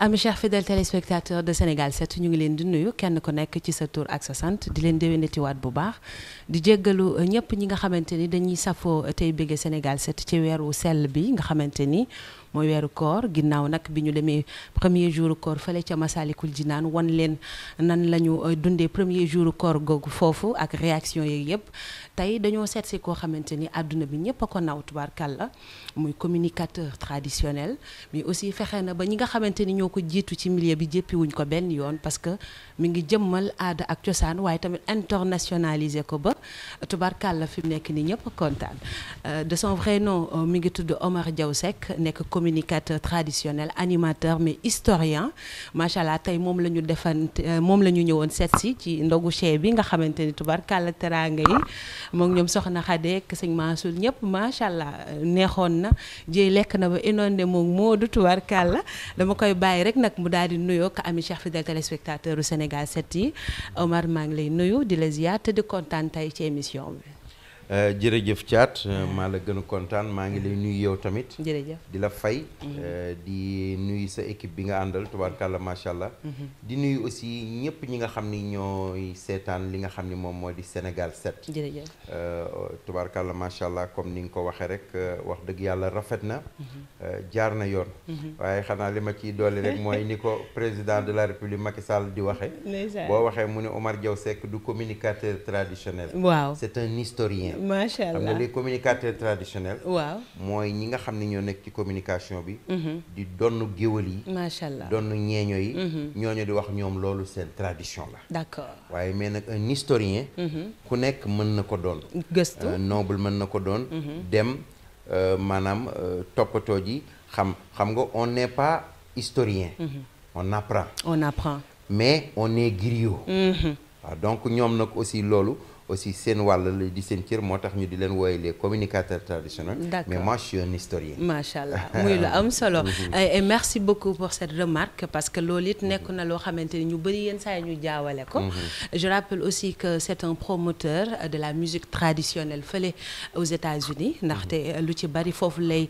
ami chers fidèles téléspectateurs de Sénégal 7 ñu ngi leen di nuyu kenn ku nekk ci sa tur ak sa sant di leen déwénatiwaat bu baax di jéggalu euh, ñëpp ñi nga xamante ni dañuy safoo euh, tey béggee Sénégal 7 ci weeru sell bi nga xamante ni mooy weeru koor ginnaaw nag bi ñu demee premier jour koor fële ca Masalikul Jinaan wan leen nan la ñu euh, dundee premier jour koor googu foofu ak réaction yeeg yëpp tey dañoo seet si koo xamante ni àdduna bi ñëpp a ko naw la muy communicateur traditionnel mais aussi fexe na ba ñi nga xamante ni ñoo ko jiitu ci milieu bi jéppiwuñ ko benn yoon parce que mi ngi jëmmal aada ak cosaan waaye tamit internationaliser ko ba tubaarkàlla fi mu nekk ni ñëpp kontaan euh, de son vrai nom euh, mi ngi tudd Omar Diaw Seck nekk communicateur traditionnel animateur mais historien macha allah tey moom la ñu defante euh, moom la ñu ñëwoon seet si ci ndogu chef bi nga xamante ni tubaarkàlla teraanga moom ñoom soxna Xadeek sëñ Mansour ñëpp macha allah neexoon na jéy lekk na ba moo du Modou tubarkàlla dama koy bàyyi rek nag mu daal di nuyoo ak ami cheikh fidèle téléspectateur u Sénégal 7 yi Omar maa ngi lay nuyu di la ziar te di kontaan tey ci émission bi. Euh, jërëjëf Thiat euh, maa la gën a kontaan maa ngi lay nuyu yow tamit. di la fay. Mm-hmm. Euh, di nuyu sa équipe bi nga àndal tubaarkàlla macha allah. Mm-hmm. di nuyu aussi ñëpp ñi nga xam ni ñooy seetaan li nga xam ni moom moo di Sénégal 7. jërëjëf tubaarkàlla macha allah comme ni nga ko waxee rek wax dëgg yàlla rafet na. Mm-hmm. jaar na yoon. waaye xanaa li ma ciy doole rek mooy ni ko président de la république Macky Sall di waxee. boo waxee mu ne Omar Diaw Seck du communicateur traditionnel. waaw macha allah xam nga les communicateurs mooy ñi nga xam ne ñoo nekk ci communication bi. Mm-hmm. di donnu géwël yi. macha allah donnu ñeeño yi. Mm-hmm. ñooñu di wax ñoom loolu seen tradition la. d'accord waaye mais nag un historien. Mm-hmm. ku nekk mën na ko doon. gëstu euh, noble mën na ko doon. dem euh, maanaam euh, toppatoo ji xam xam nga on n'est pas historien. on apprend. on apprend. mais on est griot. waaw donc ñoom nag aussi loolu. aussi seen wàll la di seen cër moo tax ñu di leen wooye les communicateurs traditionnels mais moi je suis un allah muy lu am solo et merci beaucoup pour cette remarque parce que loolu it mhm. nekk na loo xamante ni ñu bëri yenn saa yi jaawale ko mhm. je aussi que un promoteur de la musique traditionnelle fële aux États-Unis mhm. ndaxte euh, lu ci bari foofu lay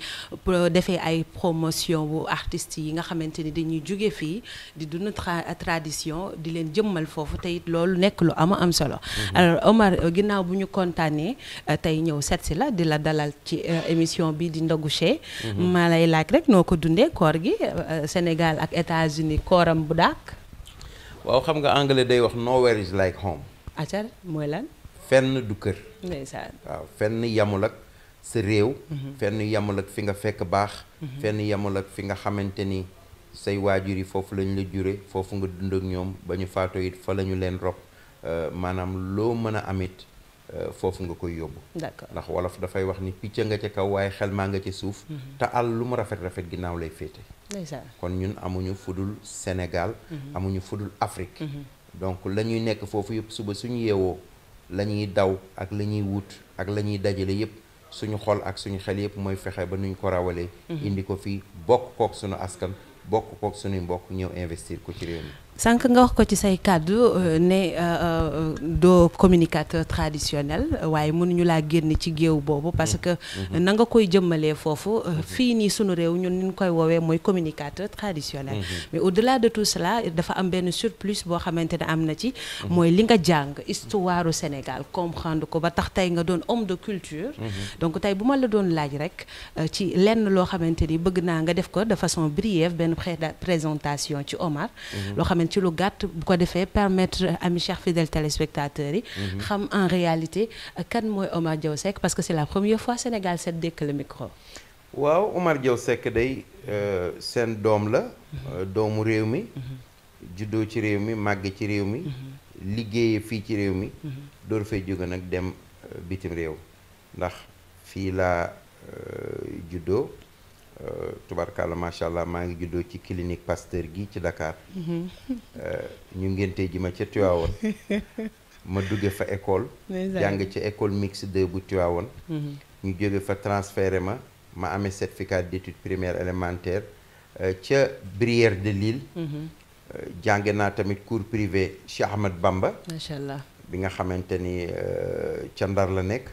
defee ay promotion bu yi nga xamante ni dañuy jóge fii di dund tradition di leen jëmmal foofu te it loolu nekk lu ama am solo alors Euh, ginnaaw bu ñu kontaanee euh, tey ñëw set la di la dalal ci euh, émission bi di ndogu chez mhm. ma lay rek noo ko dundee koor gi Sénégal ak États-Unis kooram bu daak waaw xam nga anglais day wax nowhere is like home acar mooy lan fenn du kër ndeysaan fenn yamul ak sa réew mhm. fenn yamul ak fi nga fekk baax mhm. fenn yamul ak fi nga xamante ni say waajur yi foofu lañ la jure foofu nga dund ak ñoom ba ñu faatoo fa la leen rob Euh, maanaam loo mën a amit euh, foofu nga koy yóbbu ndax wolof dafay wax ni picc nga ca kaw waaye xel maa nga ca suuf mhm. te àll lu mu rafet rafet ginnaaw lay féete kon ñun amuñu fudul Sénégal mhm. amuñu fudul Afrique mhm. donc la nekk foofu yëpp suba suñu yewoo la ñuy daw ak la ñuy wut ak la ñuy dajale yëpp suñu xol ak suñu xel yëpp mooy fexe ba nuñ ko rawalee indi ko fii bokk kook suñu askan bokk kook suñuy mbokk ñëw investir ko ci réew mi sànq nga wax ko ci say kàddu euh, ne euh, euh, doo communicateur traditionnel waaye mënuñu laa génn ci géew boobu parce mm-hmm. que mm-hmm. na nga koy jëmmalee foofu mm-hmm. fii nii sunu réew ñun ni ñu koy woowee mooy communicateur traditionnel mais au-delà de tout cela dafa am benn surplus boo xamante ne am na ci mooy li nga jàng histoire u Sénégal comprendre ko ba tax tey nga doon homme de culture donc tey bu ma la doon laaj rek ci lenn loo xamante ni bëgg naa nga def ko de façon benn présentation ci Omar ci lu gàtt bu ko defee permettre ami chers fidèles téléspectateurs yi. Mhm. xam en réalité kan mooy Omar Diaw Seck parce que c'est la première fois Sénégal 7 dékk le micro. waaw Omar Diaw Seck day euh, seen doom la. Mhm. Euh, doomu réew mi. Mhm. juddoo ci réew mi màgg ci réew mi. liggéeye fii ci réew mi. door fay jóge nag dem euh, bitim réew. ndax fii laa juddoo. Euh, tubarkalla macha allah maa ngi juddoo ci clinique Pasteur gi ci Dakar. Mm-hmm. Euh, ñu ngénte ji ma ca Tivaouane. ma dugge fa école. jàng ca école mixte 2 bu Tivaouane. Mm-hmm. ñu jóge fa transféré ma ma amee certificat d'études primaires élémentaires euh, ca Brière de Lille. Mm-hmm. jànge naa tamit cours privé Cheikh Ahmed Bamba. macha allah bi nga xamante ni ca Ndar la nekk.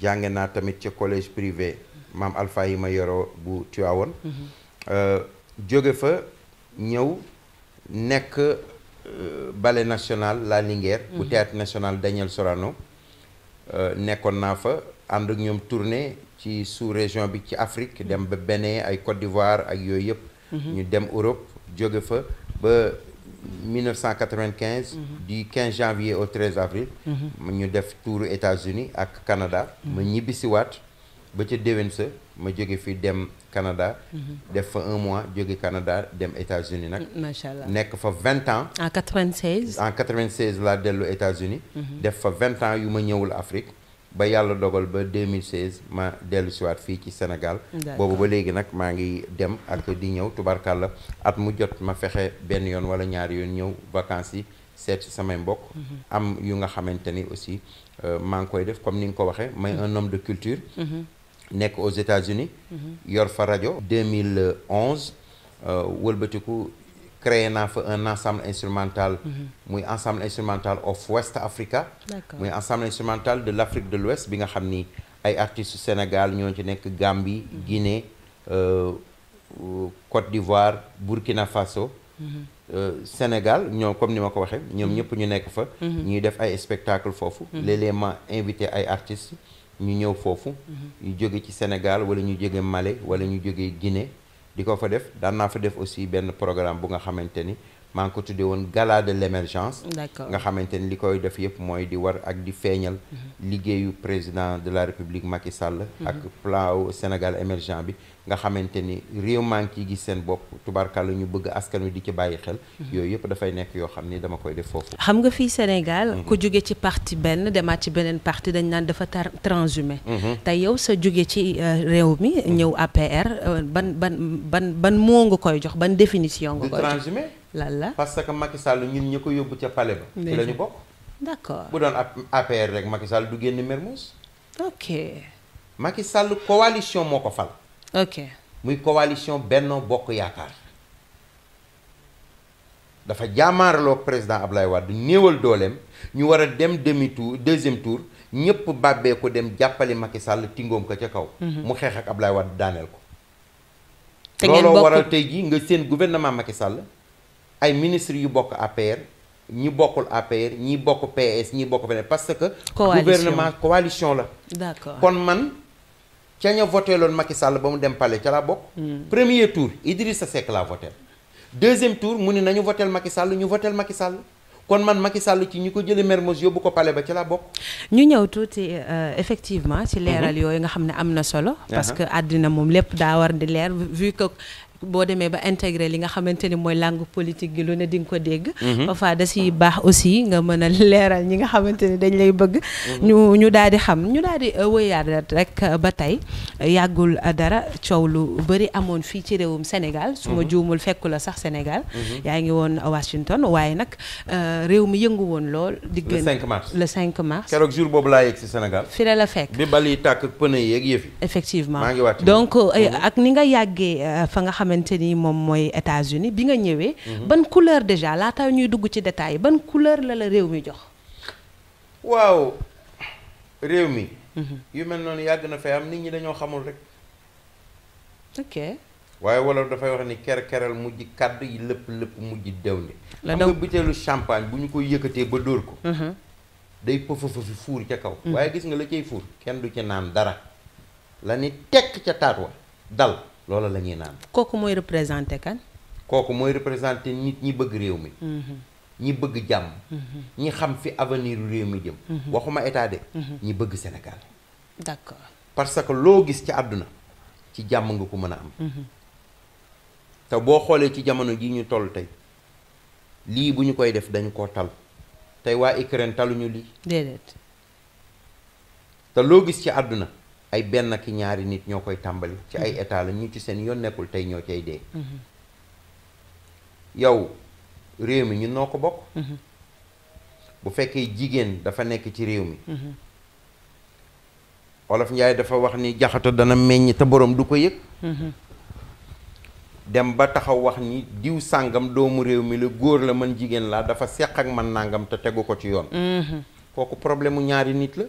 jànge naa tamit ca collège privé. maam Alpha yi ma yoroo bu Tiwaawoon mhm. euh, jóge fa ñëw nekk euh, bale national La Linguère bu mhm. théâtre national Daniel Sorano euh, nekkoon naa fa ànd ak ñoom tournée ci sous-région bi ci Afrique mhm. dem ba Bénin ay Côte d'Ivoire ak yooyu yëpp ñu dem Europe jóge fa ba 1995 du 15 janvier au 13 avril ñu def tour États-Unis ak Canada ma ñibbisiwaat ba ca déwén sa ma jóge fi dem Canada. Mhm. def fa un mois jóge Canada dem États-Unis nag. macha allah nekk fa vingt ans. en quatre vingt seize. en laa dellu États-Unis mhm. def fa vingt ans yu ma ñëwul Afrique. ba yàlla dogal ba 2016 ma dellu siwaat fii ci Sénégal boobu ba léegi nag maa ngi dem ak di ñëw tubarkàlla at mu jot ma fexe benn yoon wala ñaari yoon ñëw vacances yi seet si samay mbokk mhm. am yu nga xamante ni aussi euh, maa ngi koy def comme ni nga ko waxee may un homme de culture nekk aux États-Unis mhm. yor fa rajo 2011 euh, wëlbatiku créer naa fa un ensemble instrumental mhm. muy ensemble instrumental of West Africa muy ensemble instrumental de l'Afrique de l'Ouest bi nga xam ni ay artistes Sénégal ñoo ci nekk Gambie mhm. Guinée euh, Côte d'Ivoire Burkina Faso euh, Sénégal ñoom comme ni ma ko waxee ñoom ñëpp ñu nekk fa ñuy def ay spectacle foofu léeg-léeg ma invité ay artistes ñu ñëw foofu mhm. ñu jóge ci Sénégal wala ñu jóge male wala ñu jóge Guinée di ko fa def daan naa fa def aussi benn programme bu nga xamante ni maa ngi ko tudde woon gala de l' nga xamante ni li koy def yëpp mooy di war ak di feeñal mhm. liggéeyu président de la république Macky Sall mhm. ak plan Sénégal émergent bi nga xamante ni réew maa ngi ciy gis seen bopp tubarkàlla ñu bëgg askan wi di ci bàyyi xel mhm. yooyu yëpp dafay nekk yoo xam ni dama koy def foofu xam nga fii Sénégal ko jóge ci parti benn demaat ci beneen parti dañ naan dafa transhumé tey yow sa jóge ci euh, réew mi ñëw APR euh, ban ban ban ban moo nga koy jox ban définition nga lan la parce que Macky Sall ñun ñi ko yóbbu ca palais ba. ci la bokk. d'accord bu doon APR rek Macky Sall du génn Mermoz. ok. Macky Sall coalition moo ko fal. ok muy coalition Benno Bokk Yaakaar. dafa jaamaarloog président Ablaye Wade néewal dooleem ñu war a dem demi tour deuxième tour ñëpp bàbbee ko dem jàppale Macky Sall tingoom ko ca kaw. Mhm. mu xeex ak Ablaye Wade daaneel ko. looloo waral tey jii nga seen gouvernement Macky Sall. ay ministres yu bokk APR ñi bokkul APR ñi bokk PS ñi bokk beneen parce que. coalition gouvernement coalition la. d'accord kon man ca ña voté loon Macky Sall ba mu dem palais ca laa bokk. Hmm. premier tour Idrissa Seck laa voté. deuxième tour mu ne nañu voteel Macky Sall ñu votel Macky Sall kon man Macky Sall ci ñi ko jëlee Mermoz yóbbu ko pale ba ci laa bokk. ñu ñëw tuuti euh, effectivement ci leeral hmm. yooyu nga xam ne am na solo. Uh-huh. parce que àddina moom lépp daa war di leer vu que boo demee ba intégré li nga xamante ni mooy langue politique gi lu ne di nga ko dégg mhm. parfois da siy baax aussi nga mën a leeral ñi nga xamante ni dañ lay bëgg mhm. ñu ñu daal di xam ñu daal di euh, wëyaat rek ba tey yàggul dara coow lu bëri amoon fii ci réewum Sénégal su ma mhm. juumul fekku la sax Sénégal yaa ngi woon Washington waaye nag euh, réew mi yëngu woon lool diggante le 5 mars le 5 mars keroog jour boobu laa yegg si Sénégal fi la la fekk bi bal yi tàkk pneu yeeg yëf yi effectivement maa donc euh, ak ni nga yàggee fa nga xam xamante ni moom mooy états uni bi nga ñëwee. ban couleur déjà laata ñuy dugg ci yi ban couleur la la réew mi jox. waaw réew mi. Mhm. yu mel noonu yàgg na fay am nit ñi dañoo xamul rek. ok. waaye wolof dafay wax ni ker keral mujj kàddu yi lépp lëpp mujj dew ni la daw butéelu champagne bu ñu koy yëkkatee ba dóor ko. Mhm. day pëfëfëfi fuur ca kaw. Mhm. waaye gis nga la cay fuur kenn du ci naan dara. la ni tekk ca taat wa dal. loola la ñuy naan. kooku mooy représenté kan. kooku mooy représenté nit ñi bëgg réew mi. Mhm. ñi bëgg jàmm. Mhm. ñi xam fi avenir réew mi jëm. Mhm. waxuma état de. ñi bëgg Sénégal. d'accord parce que loo gis ci àdduna ci jàmm nga ko mën a am. te boo xoolee ci jamono ji ñu toll tey lii bu ñu koy def dañu ko tal tey waa Ukraine taluñu lii. déedéet. te loo gis ci àdduna. ay benn ki ñaari nit ñoo koy tàmbali ci ay mm-hmm. état la ñu ci seen yoon nekkul tey ñoo cay dee mm-hmm. yow réew mi ñun noo ko bokk mm-hmm. bu fekkee jigéen dafa nekk ci réew mi olof njaay dafa wax ni jaxato dana meññ te boroom du ko yëg dem ba taxaw wax ni diw sàngam doomu réew mi la góor la man jigéen laa dafa seq ak man nàngam te tegu ko ci yoon kooku problème ñaari nit la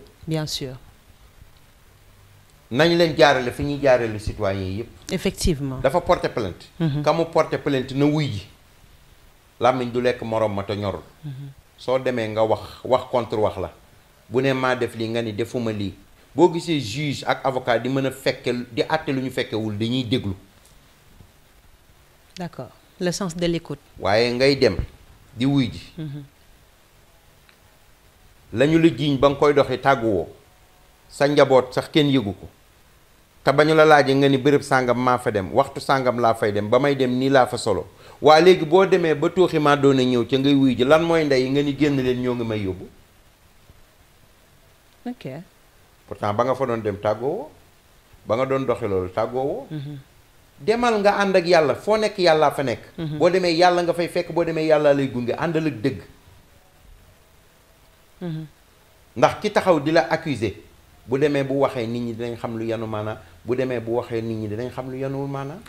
nañ leen jaarale fi ñuy jaarale citoyen yëpp. effectivement dafa porter plainte. Mhm. ka mu porter na wuy ji. làmmiñ du lekk moroom ma te mhm. soo demee nga wax wax contre wax la bu ne maa def lii nga ni defuma lii boo gisee juge ak avocat di mën a fekke di àtte lu ñu fekkewul dañuy déglu. d'accord le sens de l'écoute. waaye ngay dem di wuy ji. Mhm. lañu la jiiñ ba nga koy doxi tàgguwoo. sa njaboot sax kenn yëgu ko te ba ñu la laajee nga ni bërëb sàngam maa fa dem waxtu sàngam laa fay dem ba may dem nii laa fa solo waa léegi boo demee ba tooxi maa doon a ñëw ca ngay wuy ji lan mooy ndey nga ni génn leen ñoo ngi may yóbbu. ok. pourtant ba nga fa doon dem tàggoowoo ba nga doon doxi loolu tàggoowoo. Mhm. demal nga ànd ak yàlla foo nekk yàllaa fa nekk. Mhm. boo demee yàlla nga fay fekk boo demee yàlla lay gunge àndal ak dëgg. Mhm. ndax ki taxaw di la accuser bu demee bu waxee nit ñi dinañ xam lu yanu maanaa bu demee bu waxee nit ñi dinañ xam lu yanuwul maanaa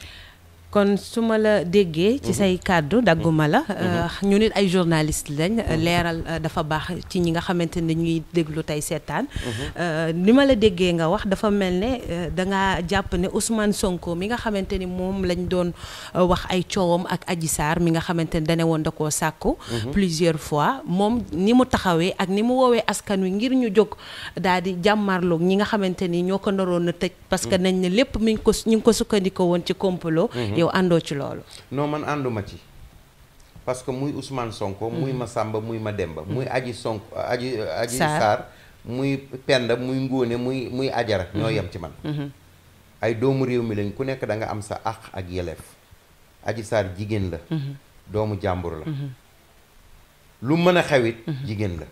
kon su ma la déggee. ci mhm. say kàddu dagguma la. Mhm. Euh, mhm. ñu nit ay journaliste lañ. Euh, leeral euh, dafa baax ci ñi nga xamante ni ñuy déglu tey seetaan. ni ma la déggee nga wax dafa mel ne da ngaa jàpp ne Ousmane Sonko mi nga xamante ni moom lañ doon wax ay coowam ak Adji Sarr mi nga xamante ne dane woon da koo sàkku. plusieurs fois moom ni mu taxawee ak ni mu woowee askan wi ngir ñu jóg daal di jàmmarloog ñi nga xamante ni ñoo ko naroon a tëj. parce que nañ ne lépp mi ngi ko ñu sukkandikoo woon ci complot. yow àndoo ci loolu. noo man ànduma ci parce que muy usmaan Sonko. muy ma mm-hmm. Massamba muy ma Mademba. Mm-hmm. muy Aji Sonko Aji Aji Sarr muy Penda muy Ngóone muy muy Ajara. ñoo mm-hmm. yem ci man. ay doomu réew mi lañ ku nekk danga am sa àq ak yeleef. Aji Sarr jigéen la. doomu jàmbur la. lu mën a xewit jigéen la.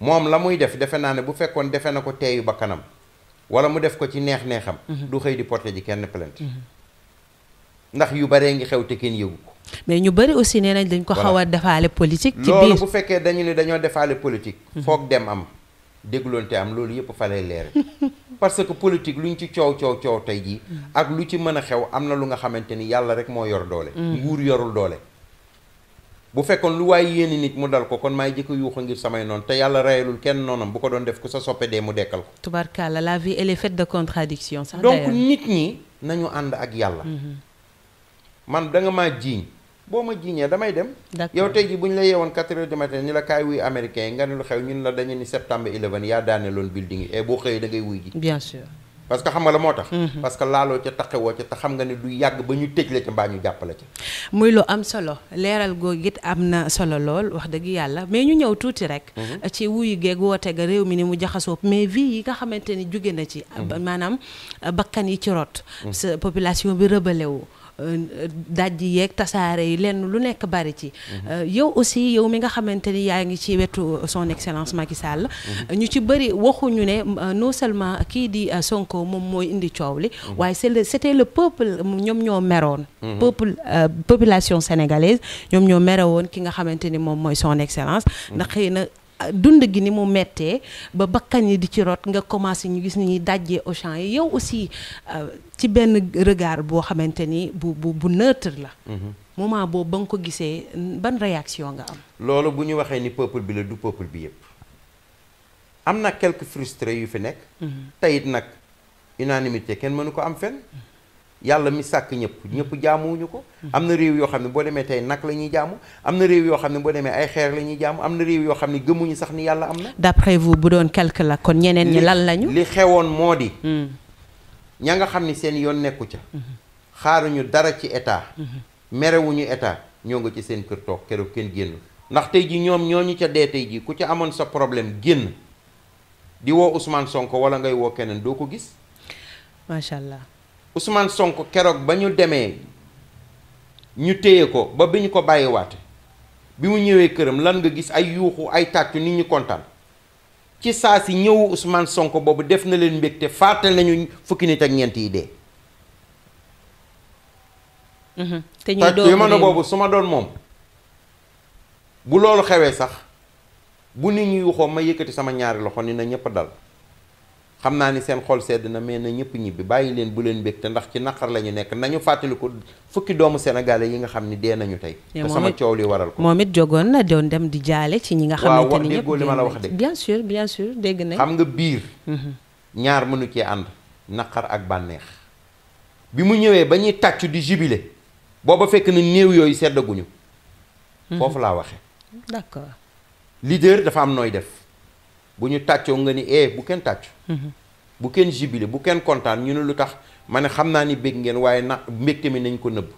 moom la muy def defe naa ne bu fekkoon defe na ko teeyu ba kanam wala mu def ko ci neex-neexam. du xëy di porté ji kenn plainte. ndax yu baree ngi xew te kenn yëgu ko. mais ñu bëri aussi nee nañ dañ ko xaw a defaale politique. ci biir loolu bu fekkee dañu ne dañoo defaale politique. Mhm. foog dem am dégloonte am loolu yëpp fa lay leer parce que politique ñu ci coow coow coow tey jii. Mhm. ak lu ci mën a xew am na lu nga xamante ni yàlla rek moo yor doole. Mhm. nguur yorul doole. bu fekkoon lu waaye yéene nit mu dal ko kon maay jëkk yuuxa ngir samay noonu te yàlla rayalul kenn noonam bu ko doon def ku sa soppe dee mu dekkal ko. tubarkalla la vie elle est faite de contradiction sax donc nit ñi ànd ak yàlla. man da nga maa jiiñ boo ma jiiñee damay dem. yow tey ji bu ñu la yeewoon quatre heures du matin ni la kaay wuy américain yi nga ne lu xew ñun la dañu ni septembre 11 yaa daane loon building yi et eh, boo xëyee da ngay wuy ji. bien sûr. parce que xam nga la moo tax. Mhm. parce que laaloo ca taxawoo ca te xam nga ne du yàgg ba ñu tëj la ca mbaa ñu la ca. muy lu am solo leeral googu it am na solo lool wax dëgg yàlla mais ñu ñëw tuuti rek. Mhm. ci wuyu geeg woote ga réew mi ni mu jaxasoo mais vie yi nga xamante ni jóge na ci. Mhm. maanaam bakkan yi ci rot. sa population bi rëbale wu Euh, dajji yeeg tasaare yi lenn lu nekk bari ci. Euh, yow aussi yow mi nga xamante ni yaa ngi ci wetu euh, son excellence Macky Sall. Mhm. ñu ci bëri waxuñu ne no seulement kii di Sonko moom mooy indi coow li. Mhm. waaye c'est le c'était le peuple ñoom ñoo meroon. Mhm. peuple population sénégalaise ñoom ñoo meroon ki nga xamante ni moom mooy son excellence. ndax dund gi ni mu mettee ba bakkan yi di ci rot nga commencé ñu gis ni ñuy dajjee Auchan yi yow aussi euh, ci benn regard boo xamante ni bu bu bu neutre la mhm. moment boobu ba nga ko gisee ban réaction nga am loolu bu ñu waxee ni peuple bi la du peuple bi yëpp am na quelques frustrés yu fi nekk mhm. teyit nag unanimité kenn mënu ko am fenn mhm. yàlla mi sàkk ñëpp ñëpp jaamuwuñu ko am na réew yoo xam ne boo demee tey nag la ñuy jaamu am na réew yoo xam ne boo demee ay xeer la ñuy jaamu am na réew yoo xam ne gëmuñu sax ni yàlla am na d'après vous bu doon quelque la kon ñeneen ñi lan nañu li xewoon moo di hmm. ña nga xam ni seen yoon nekku ca hmm. xaaruñu dara ci état hmm. merewuñu état ñoo nga ci seen kër toog keroog kenn génn ndax tey ji ñoom ñu ca dee tey ji ku ca amoon sa problème génn di woo Ousmane Sonko wala ngay woo keneen doo ko gis macha allah Ousmane sonk keroog ba ñu demee ñu téye ko ba bi ñu ko bàyyiwaate bi mu ñëwee këram lan nga gis ay yuuxu ay tàccu nit ñu kontaan ci saa si ñëwu Ousmane sonk boobu def na leen te fàttali nañu fukki nit ak ñeent yi dee. Mhm. te yi doon mën boobu su ma doon moom bu loolu xewee sax bu nit ñi yuuxoo ma yëkkati sama ñaari loxo ni na ñëpp dal. xam naa ni seen sedd na mais na ñëpp ñibbi bàyyi leen bu leen mbég te ndax ci la ñu nekk nañu fàttaliku fukki doomu sénégalais yi nga xam ni dee nañu tey te sama coow li waral ko moom it na doon dem di jaale ci ñi nga xamante ni ñëpp li ma la wax de bien dégg nañ xam nga biir mhm. ñaar mënu cee ànd naqar ak bànneex bi mu ñëwee ba ñuy tàcc di jubilé booba fekk na néew yooyu seddaguñu mhm. foofu laa waxe d'accord leader dafa am nooy def bu ñu tàccoo nga ni eh bu kenn tàcc. Mhm. bu kenn jibile bu kenn kontaan ñu ne lu tax ma ne xam naa ni bég ngeen waaye na mbégte mi nañ ko nëbb.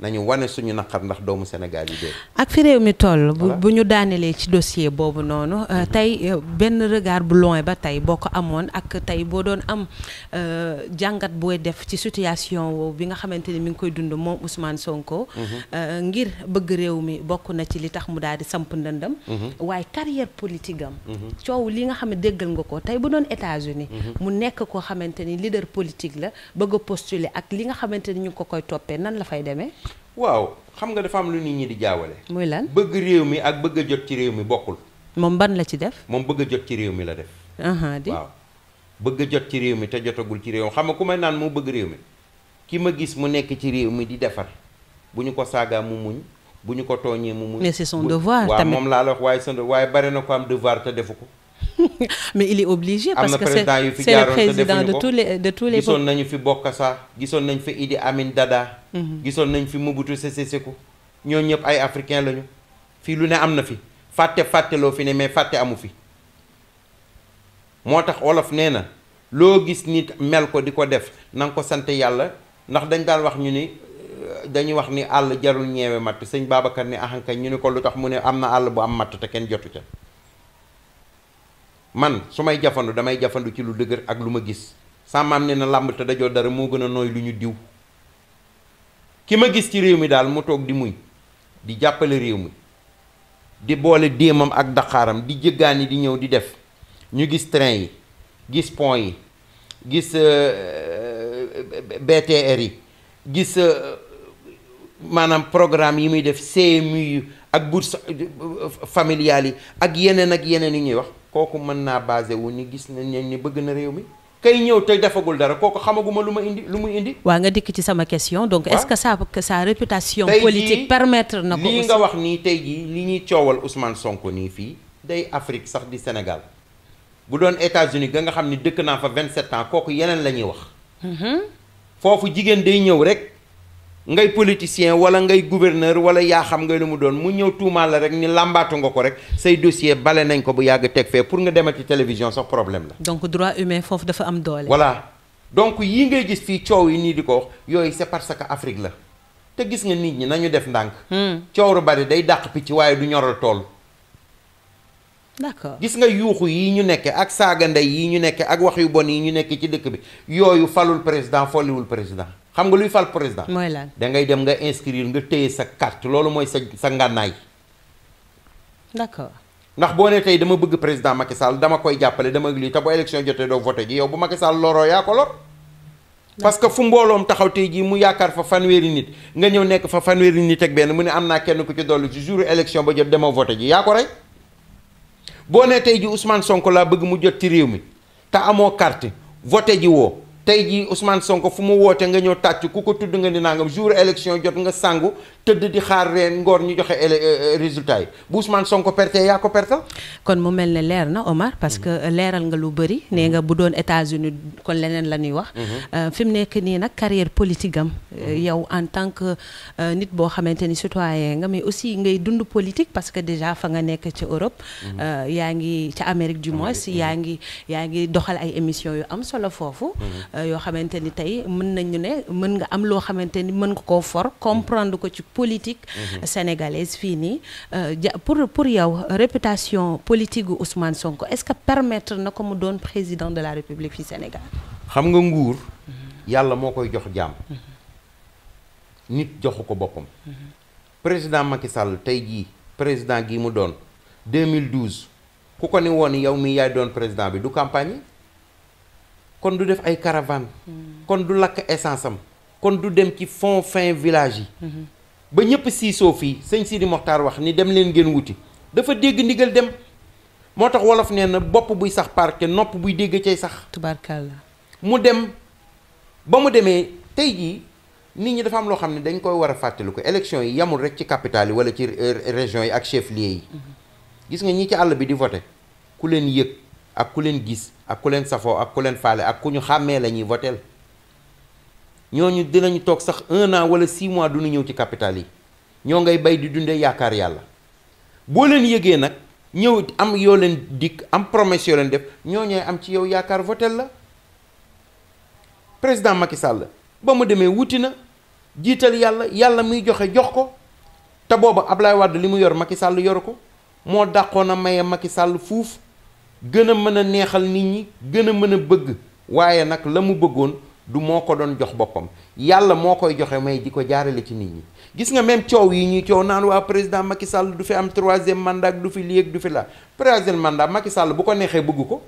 nañu wane suñu naqar ndax doomu Sénégal yi dee. ak fi réew mi toll. bu ñu daaneelee ci dossier boobu noonu. Euh, mhm. tey euh, benn regard bu loin ba tey boo ko amoon ak tey boo doon am euh, jàngat booy def ci situation woowu bi nga xamante ni mi ngi koy dund moom Ousmane Sonko. Mhm. ngir bëgg réew mi bokk na ci li tax mu daal di samp ndëndam. Mhm. waaye carrière politique am. li nga xam ne nga ko tey bu doon États-Unis mu nekk koo xamante ni leader politique la bëgg a postuler ak li nga xamante ni ñu ko koy toppee nan la fay demee. waaw xam nga dafa am lu nit ñi di jaawale. muy lan bëgg réew mi ak bëgg a jot ci réew mi bokkul. moom ban la ci def. moom bëgg a jot ci réew mi la def. di bëgg jot ci réew mi te jotagul ci réew mi xam nga ku may naan moo bëgg réew mi ki ma gis mu nekk ci réew mi di defar bu ñu ko saagaa mu muñ. bu ñu ko tooñee mu muñ. mais c'est son devoir tamit waaw moom laa la waaye son devoir waaye bari na ko am devoir te defu ko. mais il est obligé. parce que c'est c'est le président de tous les de tous les. gisoon nañu fi Bokassa gisoon nañu fi Idi Amin Dada. Mhm. gisoon nañu fi Mobutu Sese Seko ñoo ñëpp ay africain lañu fii lu ne am na fi fàtte fàtteloo fi ne mais fàtte amu fi moo tax olof nee na loo gis nit mel ko di ko def nanga ko sant yàlla ndax dañ daan wax ñu ni euh, dañu wax ni àll jarul ñeewe matt sëñ Babacar ni ahankañ ñu ne ko lu tax mu ne am na àll bu am matt te kenn jotu ca. man su may jafandu damay jafandu ci lu dëgër ak lu ma gis sàmmaam ne na làmb te dajoo dara moo gën a nooy lu ñu diw ki ma gis ci réew mi daal mu toog di muñ di jàppale réew mi di boole déemam ak daqaaram di jëggaani di ñëw di def ñu gis train yi gis pont yi gis euh, euh, BTR yi gis euh, maanaam programme yi muy def CMU yi ak bourse familiale yi ak yeneen ak yeneen yi ñuy wax kooku mën naa basé wu ni gis nañ ni bëgg na réew mi kay ñëw te defagul dara kooku xamaguma lu ma indi lu mu indi. waa nga dikk ci sama question donc est-ce que ça que sa réputation politique permettre na ko lii nga wax nii tey jii li ñuy coowal Ousmane Sonko nii fii day Afrique sax di Sénégal bu doon États-Unis ga nga xam ni dëkk naa fa 27 ans kooku yeneen la ñuy wax. Mhm. foofu jigéen day ñëw rek. ngay politicien wala ngay gouverneur wala yaa xam ngay lu mu doon mu ñëw tuumaal la rek ni làmbaatu nga ko rek say dossier bale nañ ko bu yàgg teg fee pour nga demal ci télévision sax problème la. donc droit humain foofu dafa am doole. voilà donc yii ngay gis fii coow yi nii di ko wax yooyu c'est parce que Afrique la te gis nga nit ñi nañu def ndànk. Hmm. coow lu bari day dàq picc waaye du ñoral tool. d'accord gis nga yuuxu yi ñu nekke ak saaga ndey yi ñu nekke ak wax yu bon yi ñu nekke ci dëkk bi yooyu falul président folliwul président. xam nga luy fal président. mooy lan da ngay dem nga inscrire nga téye sa carte loolu mooy sa sa ngànnaay. d'accord. ndax boo nee tey dama bëgg président Macky Sall dama koy jàppale dama lii te bu élection jotee doo voté ji yow bu Macky Sall loroo yaa ko lor. que fu mbooloom taxaw tey jii mu yaakaar fa fanweeri nit nga ñëw nekk fa fanweeri nit ak benn mu ne am naa kenn ku ci dolli ci jour élection ba jot dama voté ji yaa ko rey. boo ne tey ji Ousmane sonk laa bëgg mu jot ci réew mi te amoo carte voté ji woo tey jii Ousmane Sonko fu mu woote nga ñëw tàcc ku ko tudd nga ni nangam jour élection jot nga sangu tëdd di xaar reen ngoor ñu joxe e- e- résultat yi bu Ousmane Sonko perte yaa ko perte. kon mu mel ne leer na Omar parce que mhm. leeral nga lu bëri nee nga bu doon États-Unis kon leneen la ñuy wax. Mhm. Euh, fi mu nekk nii nag carrière politique am. Euh, mhm. yow en tant que euh, nit boo xamante ni citoyen nga mais aussi ngay dund politique parce que déjà fa nga nekk ci Europe. yaa ngi ca Amérique du moins yaa ngi yaa ngi doxal ay émissions yu am solo foofu. yoo xamante ni tey mën nañu ne mën nga am loo xamante ni mën nga koo for comprendre ko ci. politique mhm. sénégalaise fii nii euh, pour pour yow réputation politique gu Ousmane Sonko est-ce que permettre na ko mu doon président de la République fii Sénégal xam nga nguur yàlla moo koy jox jaam nit joxu ko boppam président Macky Sall tey jii président gi mu doon 2012 ku ko ni woon yow mi yaay doon président bi du campagne kon du def ay caravane hmm. kon du lakk essence am kon du dem ci fond fin village yi hmm. ba ñëpp siisoo fii sëñ Sidi Moxtaar wax ni dem leen ngeen wuti dafa dégg ndigal dem moo tax wolof nee na bopp buy sax parke nopp buy dégg cay sax. tubaarkàlla mu dem ba mu demee tey jii nit ñi dafa am loo xam ne dañ koy war a fàttaliku élection yi yamul rek ci capitale yi wala ci région yi ak chef lieu yi. Mhm. gis nga ñi ci àll bi di voté ku leen yëg ak ku leen gis ak ku leen safoo ak ku leen faale ak ku ñu xàmmee la ñuy voteel ñooñu dinañu toog sax un an wala six mois du ñu ñëw ci capital yi ñoo ngay bay di dunde yaakaar yàlla boo leen yëgee nag ñëw am yoo leen dikk am promesse yoo leen def ñoo ñooy am ci yow yaakaar votel la président Macky Sall ba mu demee wuti na jiital yàlla yàlla muy joxe jox ko te booba Ablaye Wade li mu yor Macky Sall yoru ko moo dàqoon a maye Macky Sall fuuf gën a mën a neexal nit ñi gën a mën a bëgg waaye nag la mu bëggoon du moo ko doon jox boppam yàlla moo koy joxe may di ko jaarale ci nit ñi gis nga même coow yi ñuy coow naan waa président Macky Sall du fi am troisième mandat du fi lii du fi la troisième mandat Macky Sall bu ko neexee bëgg ko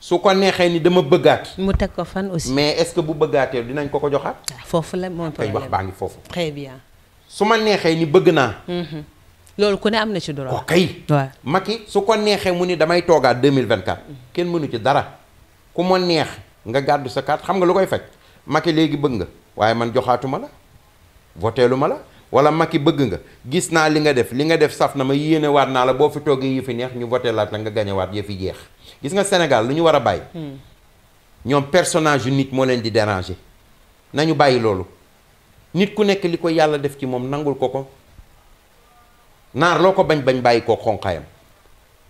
su ko neexee ni dama bëggaat. mu teg ko fan aussi. mais est-ce que bu bëggaatee dinañ ko ko joxaat. Ah, foofu la mooy ah, problème wax baa ngi foofu. très bien. su ma neexee ni bëgg naa. Mhm. loolu ku ne am na ci droit. kay waaw Macky su ko neexee mu ni damay toogaat 2024. Mhm. kenn mënu ci dara ku ma neex. nga gàddu sa carte xam nga lu koy faj Macky léegi bëgg nga waaye man joxaatuma la voteelu ma la wala Macky bëgg nga gis naa li nga def li nga def saf na ma yéene waat naa la boo fi toogee yi fi neex ñu voteelaat la nga gañewaat yëf fi jeex gis nga Sénégal lu ñu war a bàyyi hmm. ñoom personnage yu nit moo leen di déranger nañu bàyyi loolu nit ku nekk li ko yàlla def ci moom nangul ko ko naar loo ko bañ bañ bàyyi ko xonqaayam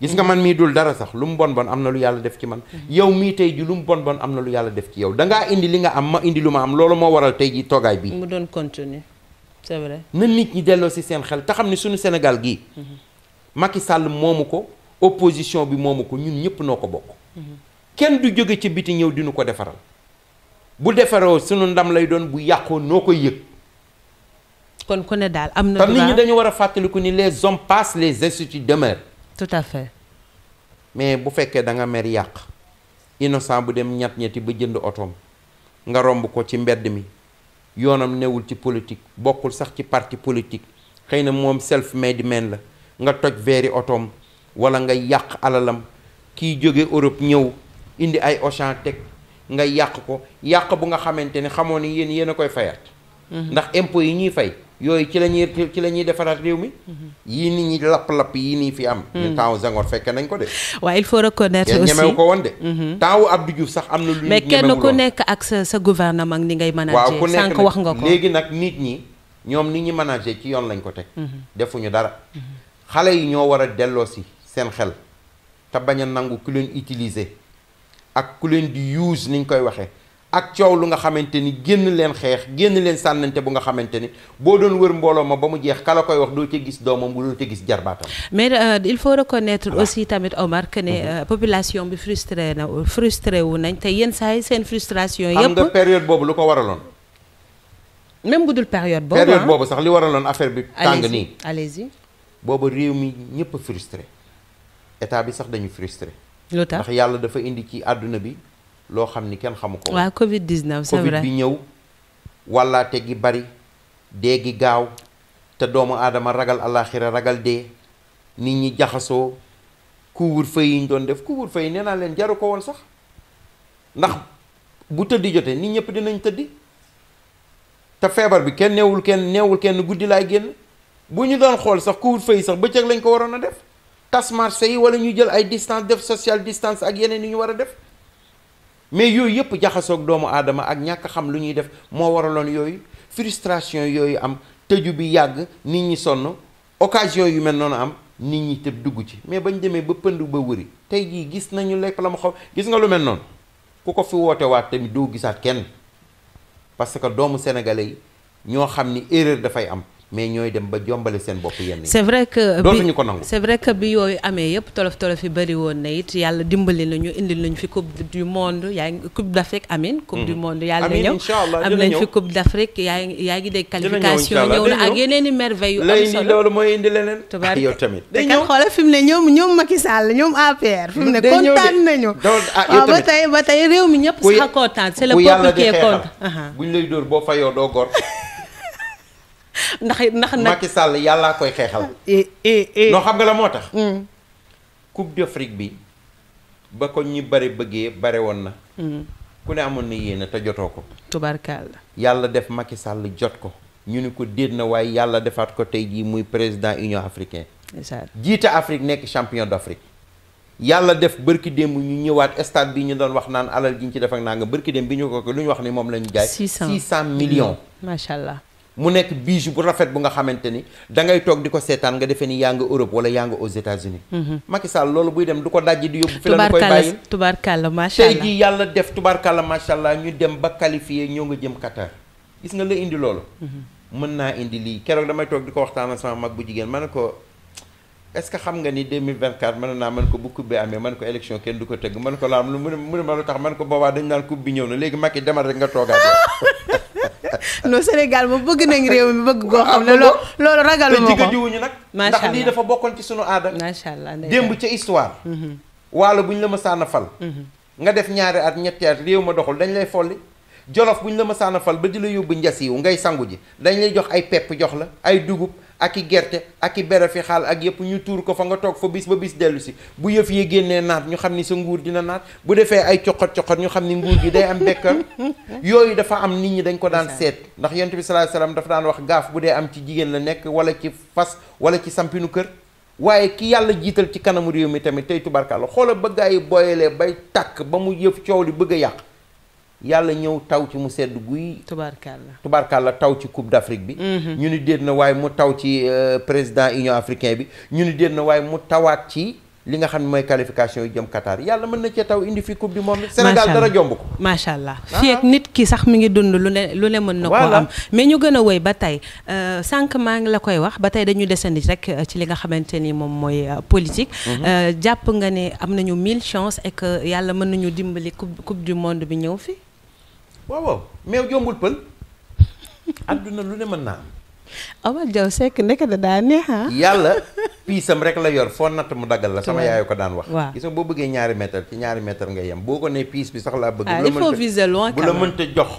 gis nga man mii dul dara sax lu mu bon bon am na lu yàlla def ci man yow mii tey ji lu mu bon bon am na lu yàlla def ci yow dangaa indi li nga am ma indi lu ma am loolu moo waral tey ji toogaay bi mu doon continuer c'est na nit ñi delloo si seen xel te xam ne suñu Sénégal gii Macky sàll moomu ko opposition bi moomu ko ñun ñëpp noo ko bokk kenn du jóge ci biti ñëw dina ko defaral bu defaroo suñu ndam lay doon bu yàqoo noo koy yëg kon ku ne daal am na te nit ñi war fàttaliku ni les hommes passent les instituts demeurent tout à fait. mais bu fekkee da nga mer yàq innocent bu dem ñett ñetti ba jënd otoom nga romb ko ci mbedd mi yoonam newul ci politique bokkul sax ci parti politique xëy na moom self made man la nga toj veeri otoom wala nga yàq alalam kiy jóge Europe ñëw indi ay Auchan teg nga yàq ko yàq bu nga xamante ne xamoo ni yéen yéen a koy fayat. Mm-hmm. ndax impôt yi ñuy fay. yooyu ci la ci la ñuy defaraat réew mi. Mhm. yii nit ñi lapp-lapp yii nii fi am. ñu mhm. temps Senghor fekke nañ ko de. waaw il faut reconnaître aussi ko woon de. Mhm. temps Abdou Diouf sax am na. lu mais kenn ku nekk ak sa sa gouvernement ni ngay. manager sànq wax nga ko léegi nag nit ñi ñoom nit ñi manager ci yoon lañ ko teg. defuñu dara. xale yi ñoo war a delloo si seen xel te bañ a nangu ku leen utiliser ak ku leen di use niñ koy waxee. ak coow lu nga xamante ni génn leen xeex génn leen sànnante bu nga xamante ni boo doon wër mbooloo ma ba mu jeex kala koy wax doo ca gis doomam doo ca gis jarbaatam. mais euh, il faut reconnaître ah. aussi tamit Omar que ne mm -hmm. euh, population bi frustré na frustré wu nañ te yenn saa yi seen frustration. yëpp am nga période boobu lu ko waraloon. même bu dul période boobu période ah. boobu sax li loon affaire bi. tàng nii allez-y boobu réew mi ñëpp frustré état bi sax dañu frustré. ndax yàlla dafa indi ci àdduna bi. loo xam ni kenn xamu ko. waaw Covid 19 c'est vrai Covid bi ñëw. wàllaate gi bari dee gi gaaw te doomu aadama ragal alaaxira ragal dee nit ñi jaxasoo couvre-feu yi ñu doon def couvre-feu yi nee naa leen jaru ko woon sax ndax bu tëddi jotee nit ñëpp dinañ tëdd te feebar bi kenn newul kenn newul kenn guddi laay génn bu ñu doon xool sax couvre-feu yi sax bëccëg lañ ko waroon a def tas marché yi wala ñu jël ay distance def social distance ak yeneen yi ñu war a def. mais yooyu yëpp jaxasoog doomu aadama ak ñàkk xam lu ñuy def moo waraloon yooyu frustration yooyu am tëju bi yàgg nit ñi sonn occasion yu mel noonu am nit ñi tëb dugg ci mais bañ demee ba pënd ba wëri tey jii gis nañu lekk la ma xaw gis nga lu mel noonu ku ko fi woote waat tamit doo gisaat kenn parce que doomu sénégalais yi ñoo xam ni erreur dafay am mais ñooy dem ba jombale seen bopp yenn yi. c'est vrai que dootuñu ko nangu c'est vrai que bi yooyu amee yëpp tolof tolof yi bëri woon na it yàlla dimbali nañu indil nañu fi coupe du monde yaa ngi coupe d'Afrique amin coupe du mhm. monde yàlla ñëw am nañ fi coupe d'Afrique yaa yaa ngi dégg qualification ñëw na ak yeneen i merveille yu am solo loolu mooy indi leneen tubaab yow tamit te kat xoolal fi mu ne ñoom ñoom Macky Sall ñoom APR fi ne kontaan nañu ah, waaw ba tey ba tey réew mi ñëpp sax kontaan c'est le peuple boo fayoo doo gor ndax ndax nag Macky Sall yàllaa koy xeexal. Eh, eh, eh. noo xam nga la moo tax. Hmm. coupe d'Afrique bi ba ko ñu bare bëggee bare woon na. Hmm. ku ne amoon na yéene te jotoo ko. tubarkalla. yàlla def Macky Sall jot ko. ñu ni ko déet na waaye yàlla defaat ko tey jii muy président Union africaine. jiite Afrique nekk champion d'Afrique. yàlla def bërki démb ñu ñëwaat stade bi ñu doon wax naan alal gi ñu ci def ak naa nga bërki démb bi ñu ko ko lu ñu wax ni moom la ñu jaay. six cent millions hmm. macha allah. mu nekk bijou bu rafet bu nga xamante ni da ngay toog di ko seetaan nga defee ni yaa nga Europe wala yaa nga aux États-Unis mhm. Macky Sall loolu buy dem du ko dajji di yóbbu fi la koy bàyyi tubaarkàlla macha allah tey jii yàlla def tubaarkàlla macha allah ñu dem ba qualifié ñoo nga jëm Qatar gis nga la indi loolu mhm. mën naa indi lii keroog damay toog di ko waxtaan sama mag bu jigéen ma ne ko est-ce que xam nga ni 2024 mën naa man ko bu coupe amee man ko élection kenn du ko tëgg man ko laam lu mu ne mu ne ma man ko boobaa dañ naan coupe bi ñëw na léegi Macky demal rek nga toogaat non Sénégal ko ah, ah, ah, te jigéen jiwuñu nag ndax lii dafa bokkoon ci sunu aada macha allah démb ca histoire mhm. waalo bu ñu la ma sànna fal mhm. nga def ñaari at ñetti at réew ma doxul dañ lay folli jolof bu ñu la ma sànna fal ba di la yóbbu njas yiw ngay sangu ji dañ lay jox ay pepp jox la ay dugub ak i gerte ak i bere fi xaal ak yëpp ñu tuur ko fa nga toog fa bis ba bis dellu si bu yëf yee génnee naat ñu xam ni sa nguur dina naat bu defee ay coxot coxot ñu xam ni nguur gi day am bekkal yooyu dafa am nit ñi dañ ko daan seet ndax yonent bi sallallahu alayhi wasallam dafa daan wax gaaf bu dee am ci jigéen la nekk wala ci fas wala ci sampinu kër waaye ki yàlla jiital ci kanamu réew mi tamit tey tubarkàlla xoola ba ay yi bay tàkk ba mu yëf coow li bëgg a yàq yàlla ñëw taw ci mu sedd guy. tubaarkàlla la taw ci coupe d' afrique bi. Mhm. ñu ni déet na waaye mu taw ci euh, président union africain bi ñu ni déet na waaye mu tawaat ci. li nga xam ne mooy qualification yu yàlla mën na cee taw indi fi coupe du monde. Sénégal dara jomb macha allah ah. nit ki sax mi ngi dund lu ne lu ne mën na koo am. mais ñu gën a woy ba tey euh, sànq maa ngi la koy wax ba tey dañu desandi rek euh, ci li nga xamante ni moom mooy politique. Mhm. jàpp nga ne am nañu mille chance et yàlla mën nañu dimbali coupe coupe du monde bi ñëw fi waaw waaw meew jombul pël adduna lu ne mën naa am. Omar Diaw Seck nekk da daa neex ah. yàlla piisam rek la yor foo natt mu daggal la sama yaay ko daan wax. waaw gis nga boo bëggee ñaari mètre ci ñaari mètre nga yem boo ko nee piis bi sax laa bëgg. ah il faut viser loin bu la mënta jox.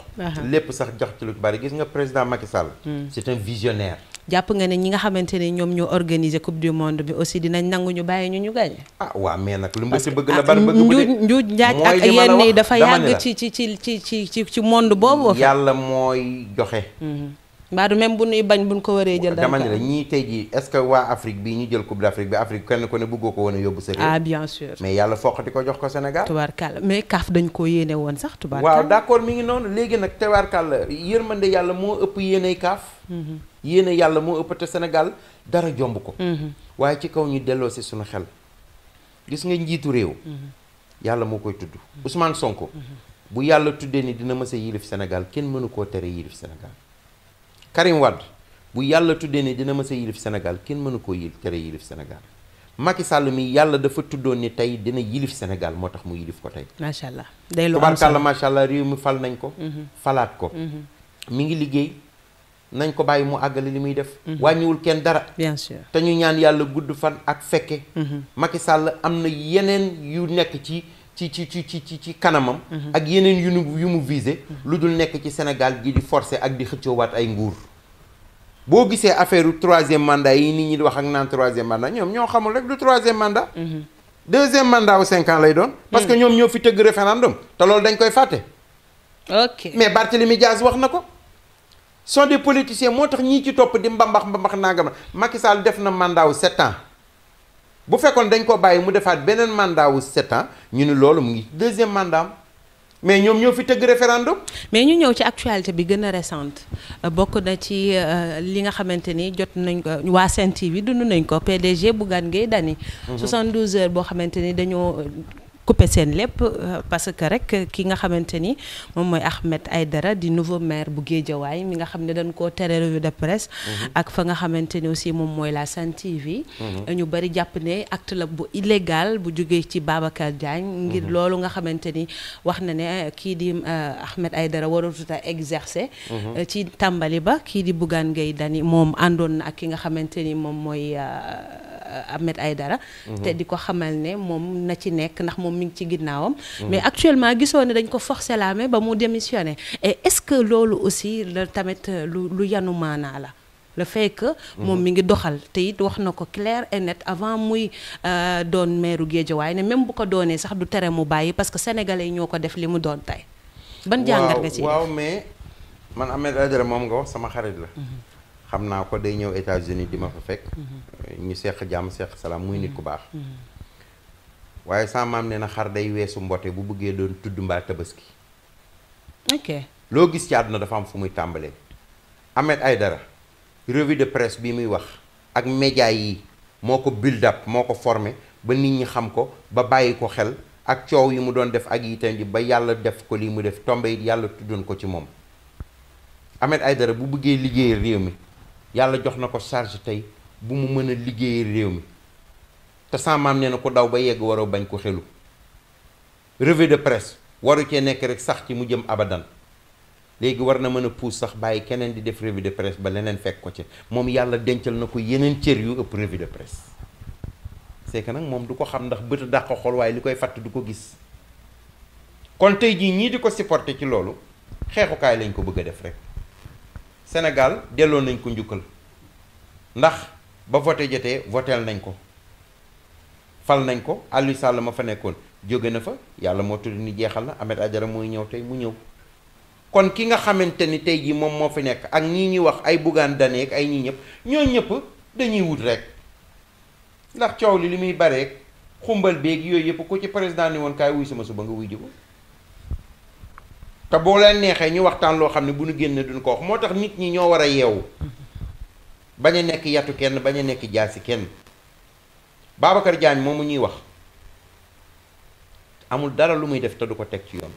lépp sax jox ci lu bari gis nga président Macky Sall. Hmm. c'est un visionnaire. jàpp nga ne ñi nga xamante ne ñoom ñoo organiser coupe du monde bi aussi dinañ nangu ñu bàyyi ñu ñu gagné. ah waaw mais nag lu mu bëgg la bari bëgg bu dee njuuj njaaj ak yenn yi dafa yàgg ci ci ci ci ci ci monde boobu. yàlla mooy joxe. Mm-hmm. mbaa du même bu nuy bañ buñ ko waree jël. dama ne la ñii tey jii est-ce que waa Afrique bi ñu jël coupe d'Afrique bi Afrique kenn ku ne bëggoo ko woon a yóbbu sa réew. ah mais yàlla foqati ko jox ko Sénégal. tubaarkàlla mais kaaf dañ ko yéene woon sax. tubaarkàlla waaw d'accord mi ngi noonu léegi nag tubaarkàlla yërmande yàlla moo ëpp yéenay kaaf. Mhm. yéene yàlla moo ëpp te senegal dara jomb ko. Mhm. waaye ci kaw ñu delloo si suñu xel. gis nga njiitu réew. Mhm. yàlla moo koy tudd Ousmane Sonko. bu yàlla tuddee ni dina mës a yilif Sénégal kenn mënu koo tere yilif Sénégal Karim bu yàlla tuddee ne dina mës a yilif Sénégal kenn mënu koo yil tere yilif Sénégal Macky mi yàlla dafa tuddoon ni tey dina yilif Sénégal moo tax mu yilif ko tey. macha allah day lu am solo tubaarkàlla macha allah réew mi fal nañ ko. Mhm. falaat ko. Mhm. mi ngi liggéey nañ ko bàyyi mu àggale li muy def. Mhm. wàññiwul kenn dara. bien sûr te ñu ñaan yàlla gudd fan ak fekke. Macky Sall am na yeneen yu nekk ci. ci ci ci ci ci kanamam. Mhm. ak yeneen yu nu yu mu visé. Mhm. lu dul nekk ci Sénégal gi di forcer ak di xëccoowaat ay nguur. boo gisee affaire troisième mandat yi nit ñi di wax ak naan troisième mandat ñoom ñoo xamul rek du troisième mandat. Mhm. deuxième mandat wu cinq ans lay doon. parce que ñoom ñoo fi tëgg référendum te loolu dañ koy fàtte. ok mais Barthélemy Diaz wax na ko. sont des politiciens moo tax ñii ci topp di mbambax mbambax nangam Macky Sall def na mandat wu sept ans. bu fekkoon dañ ko bàyyi mu defaat beneen mandat wu sept ans ñu ni loolu mu ngi deuxième mandat mais ñoom ñoo fi tëgg référendum. mais ñu ñëw ci actualité bi gën a récente bokk na ci euh, li nga xamante ni jot nañ ko waa Sen TV dund nañ ko PDG Bougane Gueye Dany. 72 mhm. heures boo xamante ni dañoo coupé seen lépp euh, parce que rek ki nga xamante ni moom mooy Ahmed dara di nouveau maire bu Guédiawaye mi nga xam ne dañ koo tere revue de presse. Mhm. ak fa nga xamante ni aussi moom mooy la Sen TV. Mhm. ñu bari jàpp ne acte bu illégal bu jógee ci Babacar Diagne. Mhm. ngir loolu nga xamante ni wax na ne euh, kii di euh, Ahmed ay dara a exercer. ci tàmbali ba kii di Bougane Gueye Dany moom àndoon na ak ki nga xamante ni moom mooy. Euh, ay dara mhm. te di ko xamal ne moom na ci nekk ndax moom mi ngi ci ginnaawam mhm. mais actuellement gisoo ne dañ ko forcer la main ba mu démissionner et que loolu aussi la tamit euh, lu lu yanu maanaa la le mhm. moom mi ngi doxal te it wax na ko clair et net avant muy euh, doon meeru waaye ne même bu ko doonee sax du tere mu bàyyi parce que sénégalais yi ñoo ko def li mu doon tey ban jàngat nga ci waaw mais man moom nga wax sama xarit la xam naa ko day ñëw États-Unis di ma fa fekk mm-hmm. ñu seq jàmm seq salaam muy nit ku baax mm-hmm. Mm-hmm. waaye sama maam nee na xar day weesu mbote bu bëggee doon tudd mbaa tabaski ok loo gis ci àdduna dafa am fu muy tàmbalee Ahmed Aïdara revue de presse bi muy wax ak média yi moo ko build up moo ko formé ba nit ñi xam ko ba bàyyi ko xel ak coow yi mu doon def ak itam ji ba yàlla def ko li mu def tombe yàlla tuddoon ko ci moom Ahmed Aïdara bu bëggee liggéey réew mi yàlla jox na ko charge tey bu mu mën a liggéeyee réew mi te sa maam nee na ku daw ba yegg waroo bañ ko xelu revue de press waru cee nekk rek sax ci mu jëm abadan léegi war na mën a puus sax bàyyi keneen di def revue de presse ba leneen fekk ko ci moom yàlla dencal na ko yeneen cër yu ëpp revue de presse c'est nag moom du ko xam ndax bët dàq xool waaye li koy fàtt du ko gis kon tey jii ñii di ko supporter ci loolu xeexukaay lañ ko bëgg a def rek senegal delloo nañ ko njukkal ndax ba voté jotee voteel nañ ko fal nañ ko Aliou Sall ma fa nekkoon jóge na fa yàlla moo tudd ni jeexal na Ahmed Adjara mooy ñëw tey mu ñëw kon ki nga xamante ni tey jii moom moo fi nekk ak ñii ñuy wax ay Bougane Dany ay ñii ñëpp ñoo ñëpp dañuy wut rek ndax coow li li muy bareek xumbal beek yooyu yëpp ko ci président ni woon kaay wuy sama suba nga wuy ji te boo leen neexee ñu waxtaan loo xam ne bu ñu génne duñ ko wax moo tax nit ñi ñoo war a yeewu bañ a nekk yatu kenn bañ a nekk jaasi kenn jaan moom moomu ñuy wax amul dara lu muy def te du ko teg ci yoon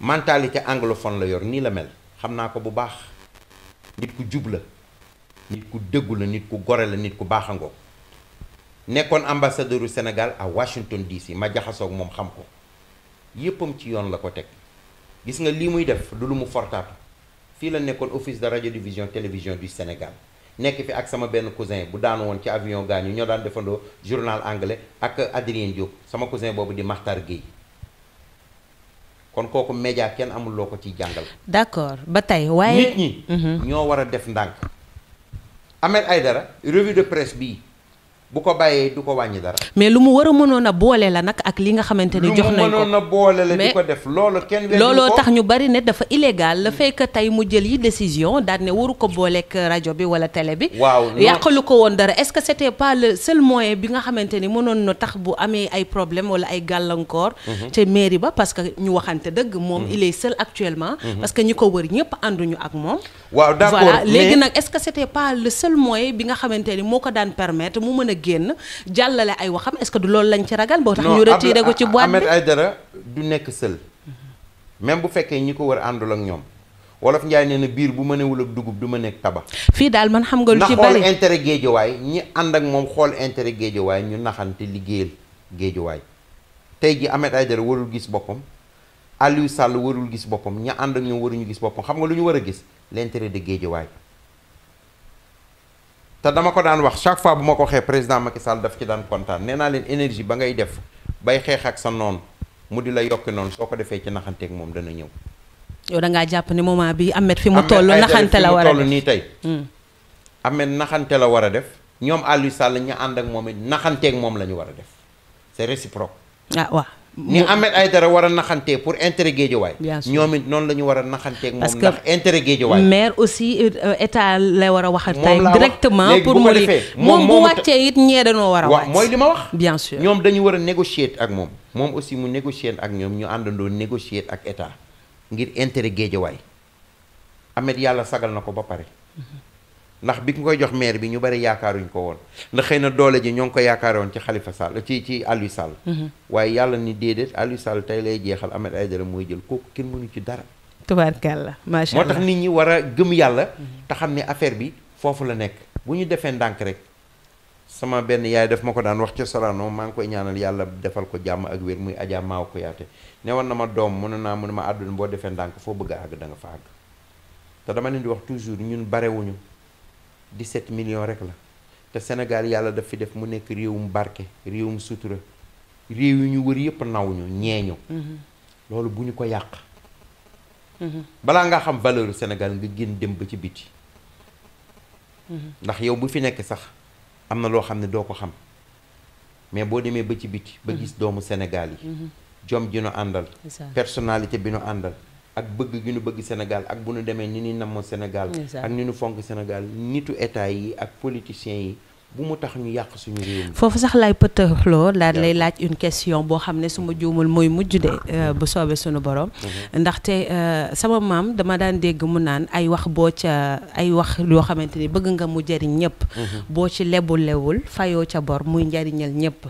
mentalité anglophone la yor nii la mel xam naa ko bu baax nit ku jub la nit ku dëggu la nit ku gore la nit ku baaxangoo nekkoon ambassadeur senegal Sénégal à Washington DC ma jaxasoog moom xam ko yéppam ci yoon la ko teg gis nga lii muy def du lu mu fortaatu fii la nekkoon office de radiodiffusion télévision du Sénégal nekk fi ak sama benn cousin bu daanu woon ci avion gaañu ñoo daan defandoo journal anglais ak Adrien Diop sama cousin boobu di Makhtar Gueye kon kooku média kenn amul loo ko ciy jàngal. d'accord ba tey waaye nit ñi. Mhm. ñoo war a def ndànk. Ahmed Aïdara revue de presse bii. bu ko bàyyee du ko wàññi dara. mais lu mu war a a boole la nag ak li nga xamante ne jox nañ ko lu mu mënoon a boole la di ko def loolu kenn. looloo tax ñu bari ne dafa illégal la fekk tey mu jël yi décision daal ne waru nga xamante ni mënoon na tax bu amee ay problème mhm. ba parce que ñu waxante dëgg. moom mhm. il est seul mhm. ak moom. le seul moyen bi nga xamante ni moo ko daan permettre mu mën a génn jàllale ay waxam est-ce que du loolu lañ ci ragal. boo tax ñu retiré ko ci boîte bi Ahmed Aïdara du nekk sël. même bu fekkee ñi ko war àndul ak ñoom. wolof Njaay na biir bu ma newul ak dugub du ma nekk tabax. fii daal man xam nga lu ci bari na ñi ànd ak moom xool intérêt géejawaay ñu naxante liggéeyal géejawaay tey ji Ahmed Aïdara warul gis boppam Aliou sàll warul gis boppam ña ànd ak ñoom waruñu gis boppam xam nga lu ñu war a gis l' di de géejawaay te dama ko daan wax chaque fois bu ma ko xee président Macky Sall daf ci daan kontaan nee naa leen énergie ba ngay def bay xeex ak sa noonu mu di la yokki noonu soo ko defee ci naxanteeg moom dana ñëw. yow dangaa ngaa ni ne moment bi Ahmed fi mu toll naxante la war a def nii tey. Hmm. Ahmed naxante la war a def. ñoom Aliou Sall ñu ànd ak moom it naxanteeg moom la ñu war a def c'est réciproque. ah waaw. ni ay dara war a naxantee pour intérêt Guédiawaye ñoom it noonu la ñu war a naxanteeg moom ndax intérêt Guédiawaye maire aussi euh, état lay war a wax waxataay directement pour mu li moom bu wàccee it ñee dañoo war a wàcc mooy li ma wax bien ñoom dañu war a négocier ak moom moom aussi mu négocier ak ñoom ñu àndandoo négocier ak état ngir intérêt Guédiawaye Ahmed yàlla sagal na ko ba pare mhm. ndax bi nga koy jox maire bi ñu bari yaakaaruñ ko woon ndax xëy na doole ji ñoo ngi ko yaakaaroon ci Khalifa Sall ci ci Aliou saal mhm. waaye yàlla ni déedéet Aliou Sall tey lay jeexal Ahmed Aïdara mooy jël kooku kenn mënu ci dara. tubaarkàlla macha allah moo tax nit ñi war a gëm yàlla. Mhm. te xam ne affaire bi foofu la nekk. bu ñu defee ndànk rek sama benn yaay daf ma ko daan wax ca Sorano maa ngi koy ñaanal yàlla defal ko jàmm ak wér muy Adja Maaw ko yaate ne woon na ma doom mun naa mun ma àdduna boo defee ndànk foo bëgg a àgg fa àgg dama leen di wax toujours ñun barewuñu 17 million rek la te Sénégal yàlla daf fi def mu nekk réewum barke réewum sutura réew yi ñu wër yëpp naw ñu ñeeñu mhm. loolu bu ñu ko yàq mhm. balaa nga xam valeur senegal nga génn dem ba ci biti mhm. ndax yow bu fi nekk sax am na loo xam ne doo ko xam mais boo demee ba ci biti ba gis doomu senegal yi jom ji nu àndal personnalité bi nu àndal ak bëgg gi nu bëgg Sénégal ak bu ñu demee ni ñuy namm Sénégal. ak ni ñu fonk Sénégal nitu état yi ak politiciens yi. bu mu tax ñu yàq suñu réew mi foofu sax lay pëtëxloo lay laaj une question boo xam ne su ma juumul mooy mujj de ah. euh, bu soobee sunu borom. Mhm. ndaxte euh, sama maam dama daan dégg mu naan ay wax boo ca ay wax yoo xamante ni bëgg nga mu jëriñ ñëpp. Mhm. boo ci lebu fayoo ca bor muy njariñal ñëpp.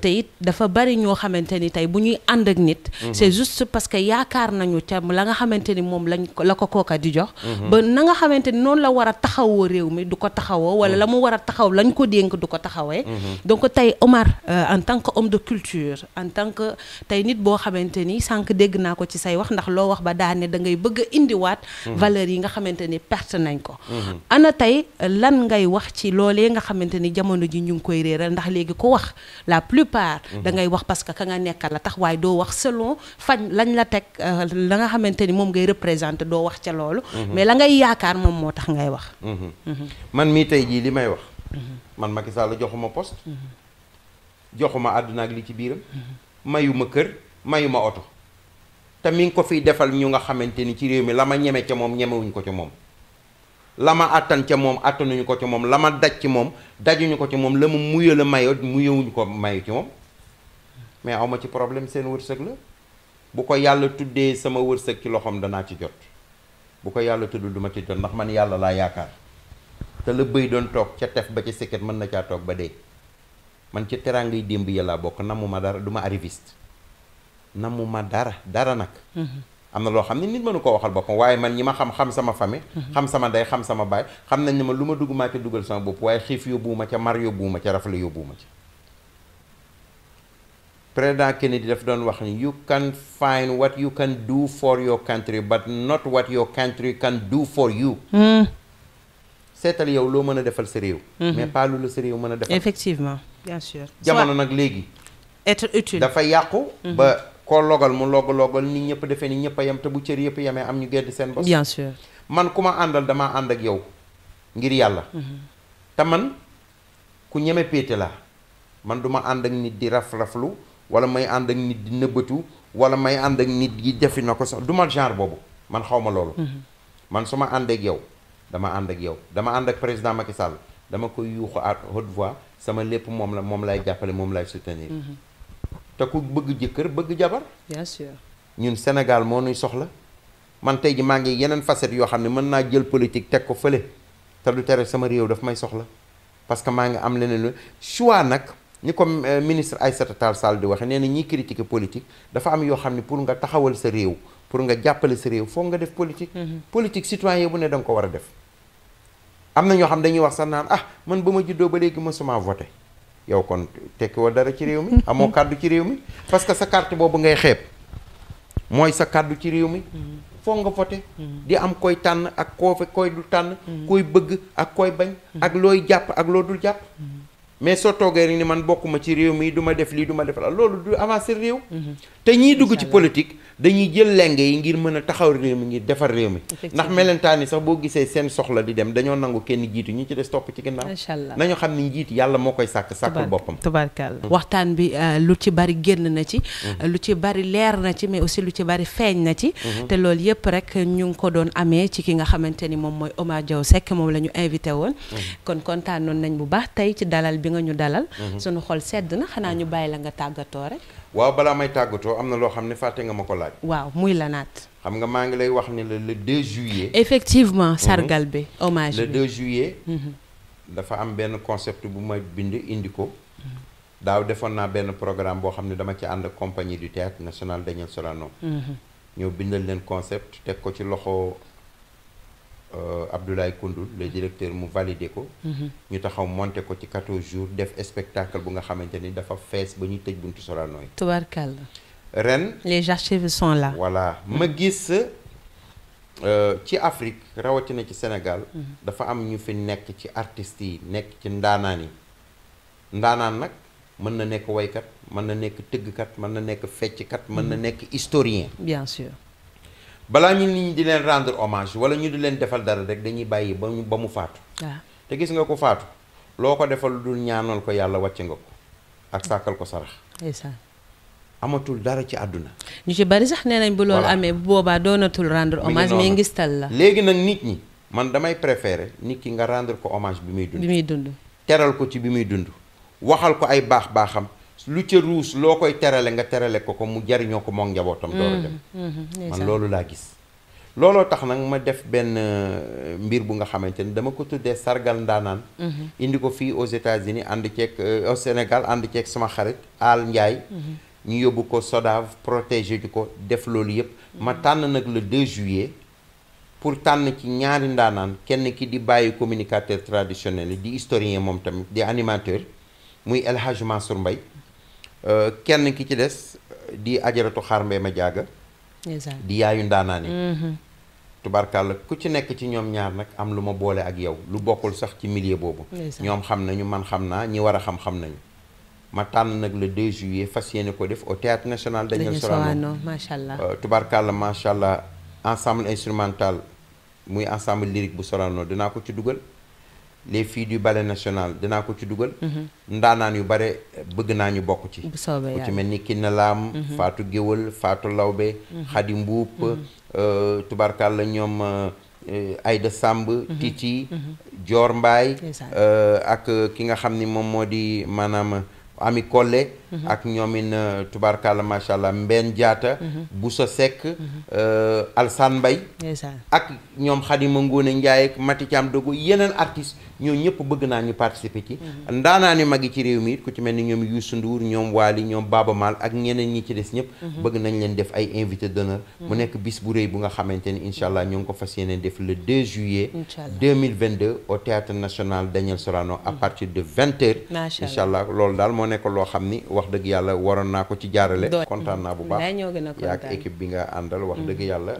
te it dafa bari ñoo xamante ni tey bu ñuy ànd ak nit. Mhm. c'est juste parce que yaakaar nañu ca la nga xamante ni moom lañ ko la ko kooka di jox. ba na xamante ni noonu la war taxawoo réew mi du ko taxawoo wala la mu war taxaw lañ ko ko dénk du ko taxawee. Mhm. donc tey Omar euh, en tant que homme de culture en tant que tey nit boo xamante ni sànq dégg naa ko ci say wax ndax loo wax ba daane da ngay bëgg a indiwaat. Mhm. valeurs yi nga xamante ni perte nañ ko. Mhm. ana tey lan ngay wax ci loolee nga xamante ni jamono ji ñu ngi koy réeral ndax léegi ko wax la plupart. da ngay wax parce que ka nga nekkal la tax waaye doo wax selon fañ lañ la teg euh, la nga xamante ni moom ngay représenté doo wax ca loolu. mais la ngay yaakaar man Macky Sall joxuma poste mhm. joxuma àdduna ak li ci biiram mhm. mayuma kër mayuma oto te mi ngi ko fiy defal ñu nga xamante ni ci réew mi la ma ñeme ca moom ñemewuñu ko ca moom la ma àttan ca moom àttanuñu ko ca moom la ma daj ci moom dajuñu ko ci moom la mu muyoo la mayo muyewuñu ko mayu ci moom mais awma ci problème seen wërsëg la bu ko yàlla tuddee sama wërsëg ci loxoom danaa ci jot bu ko yàlla tuddul duma ci jot ndax man yàlla laa yaakaar te la bëy doon toog ca tef ba ca sikket mën na caa toog ba dee man ci teraangay démb ya laa bokk namuma dara du ma arriviste namu ma dara dara nag mm-hmm. am na loo xam ne nit mënu koo waxal boppam waaye man ñi ma xam xam sama famille mm-hmm. xam sama ndey xam sama baay xam nañ ne ma lu ma dugg maa ca dugal sama bopp waaye xiif yóbbuwuma ca mar yóbbuwuma ca rafle yóbbuwuma ca Président Kennedy daf doon wax ni you can find what you can do for your country but not what your country can do for seetal yow loo mën a defal sa réew. Mhm. mais pas lu la sa réew mën a defal. effectivement bien sûr. jamono nag léegi. être utile dafa yàqu. Mhm. ba koo logal mu log logal nit ñëpp defee ni ñëpp a yem te bu cër yëpp yemee am ñu gedd seen bopp. man ku ma àndal dama ànd ak yow ngir yàlla. Mhm. te man ku ñeme péete la man duma ànd ak nit di raf raflu wala may ànd ak nit di nëbbatu wala may ànd ak nit yi defi na ko sax dumal ma genre boobu man xaw ma loolu. man su ma ànd yow. dama ànd ak yow dama ànd ak président Macky Sall dama koy yuuxu à haute voix sama lépp moom la moom lay jàppale moom lay soutenir. Mm-hmm. te ku bëgg jëkkër bëgg jabar. bien ñun Sénégal moo nuy soxla man tey ji maa ngi yeneen facette yoo xam ne mën naa jël politique teg ko fële te du tere sama réew dafa may soxla parce que maa ngi am leneen lu choix nag ñu ko euh, ministre Aïssata Tall Sall di waxe nee na ñiy critiquer politique dafa am yoo xam ne pour nga taxawal sa réew pour nga jàppale sa réew foog nga def politique. Mm-hmm. politique citoyen bu ne da nga ko war def. am na ñoo xam dañuy wax sa naan ah man bu ma juddoo ba léegi mësuma voté yow kon tekki dara ci réew mi amoo kàddu ci réew mi parce que sa carte boobu ngay xeeb mooy sa kàddu ci réew mi mm. foo nga voté mm. di am koy tànn ak koo koy du tànn mm. koy bëgg ak koy bañ ak looy jàpp ak loo dul jàpp mais soo toogee rek ni man bokkuma ci réew mi du ma def lii du ma def la loolu du avancer réew. te ñiy dugg ci politique dañuy jël leng yi ngir mën a taxaw réew mi ngir defar réew mi. ndax melentaan ni sax boo gisee seen soxla di dem dañoo nangu kenn jiitu ñu ci des topp ci ginnaaw. incha allah nañu xam ni njiit yàlla moo koy sàkk sàkkul boppam. tubaarkàlla hmm. waxtaan bi euh, lu ci bari génn na ci. Hmm. lu ci bari leer na ci mais aussi lu ci bari feeñ na ci. Hmm. te loolu yëpp rek ñu ngi ko doon amee ci ki nga xamante ni moom mooy Omar Diaw Seck moom la ñu invité woon. nga ñu dalal. Mhm. sunu xol sedd na xanaa ñu bàyyi la nga tàggatoo rek. waaw balaa may tàggatoo am na loo xam ne fàtte nga ma ko laaj. waaw muy la naat. xam nga maa ngi lay wax ni la la 2 juillet. effectivement mhm. sargal bi hommage bi le 2 juillet. Mhm. dafa am benn concept bu ma bind indi ko. daaw defoon naa benn programme boo xam ne dama ci ànd compagnie du théâtre national Daniel Sorano. ñoo bindal leen concept teg ko ci loxo. Euh, Abdoulaye Koundoul le directeur mu validé ko. Mhm. ñu taxaw monte ko ci 14 jours def spectacle bu nga xamante ni dafa fees ba ñuy tëj buntu Soranoy. tubarkalla. ren les archives sont là. voilà ma mhm. gis euh, ci Afrique rawatina ci Sénégal. Mhm. dafa am ñu fi nekk ci artist yi nekk ci ndaanaan yi ndaanaan nag. mën na nekk woykat mën na nekk tëggkat mën na nekk fecckat mën na nekk historien. balaa ñu nit ñi di leen rendre hommage wala ñu di leen defal dara rek dañuy bàyyi ba mu ba mu faatu. te gis nga ko faatu loo ko defal dul ñaanool ko yàlla wàcce nga ko ak sàkkal ko sarax. amatul dara ci àdduna. ñu ci bari sax nee nañ bu loolu amee bu boobaa doonatul rendre hommage ngis ngistal la. léegi nag nit ñi man damay préférer nit ki nga rendre ko hommage bi muy dund. bi muy dund teral ko ci bi muy dund waxal ko ay baax baaxam. lu ca ruus loo koy terale nga terale ko ko mu jariñoo ko moom njabootam door mm-hmm. dem mm-hmm. man loolu laa gis looloo tax nag ma def benn euh, mbir bu nga xamante ni dama ko tuddee sargal ndaanaan mm-hmm. indi ko fii aux États-Unis ànd ceeg euh, au Sénégal ànd ceeg sama xarit Al Ndiaye ñu yóbbu ko SODAV protégé di ko def loolu yëpp ma tànn nag le 2 juillet pour tànn ci ñaari ndaanaan kenn ki di bàyyi communicateur traditionnel di historien moom tamit di animateur muy El Hadj Mansour Euh, kenn ki ci des di ajaratu xaar mbay ma jaaga di yaayu ndaanaani mhm. tubarkàlla ku ci nekk ci ñoom ñaar nag am lu ma boole ak yow lu bokkul sax ci milieu boobu ñoom xam nañu man xam naa ñi war a xam-xam nañu ma tànn nag le 2 juillet fas yéene ko def au théâtre national Daniel Sorano macha allah euh, tubarkàlla macha allah ensemble instrumental muy ensemble lyrique bu Sorano dinaa ko ci dugal les filles du ballet nationale dinaa ko ci dugal mhm. ndaanaan yu bare bëgg naa ñu bokk ci ku ci mel ni Kiné Lam mhm. Fatou Géwël Fatou Lawbe mhm. Khady Mboup euh, tubarkal la ñoom euh, Aïda Samb Titi joor Mbaye euh, ak ki nga xam ni moom moo di maanaam Ami Collé Mm-hmm. ak ñoomin euh, tubaarkalla macha allah Mbène Diatta. Mm-hmm. Boussa Seck. Mm-hmm. Euh, Alsane Mbaye ak ñoom Xadima Ngone Ndiaye ak Mati Thiam Dogo yeneen artistes ñoo ñëpp bëgg naa ñu participer ci. ndaanaa ne magi ci réew mi ku ci mel ni ñoom Youssou Ndour ñoom Waly ñoom Baba Maal ak ñeneen ñi ci des ñëpp. bëgg nañ leen def ay invité d'honneur mu nekk bis bu rëy bu nga xamante ni incha allah ñoo ngi ko fas yéene def le 2 juillet. 2022 au théâtre national Daniel Sorano à partir de 20 wax dëgg yàlla waroon naa ko ci jaarale kontaan naa bu baax yaak équipe bi nga àndal wax dëgg mm-hmm. yàlla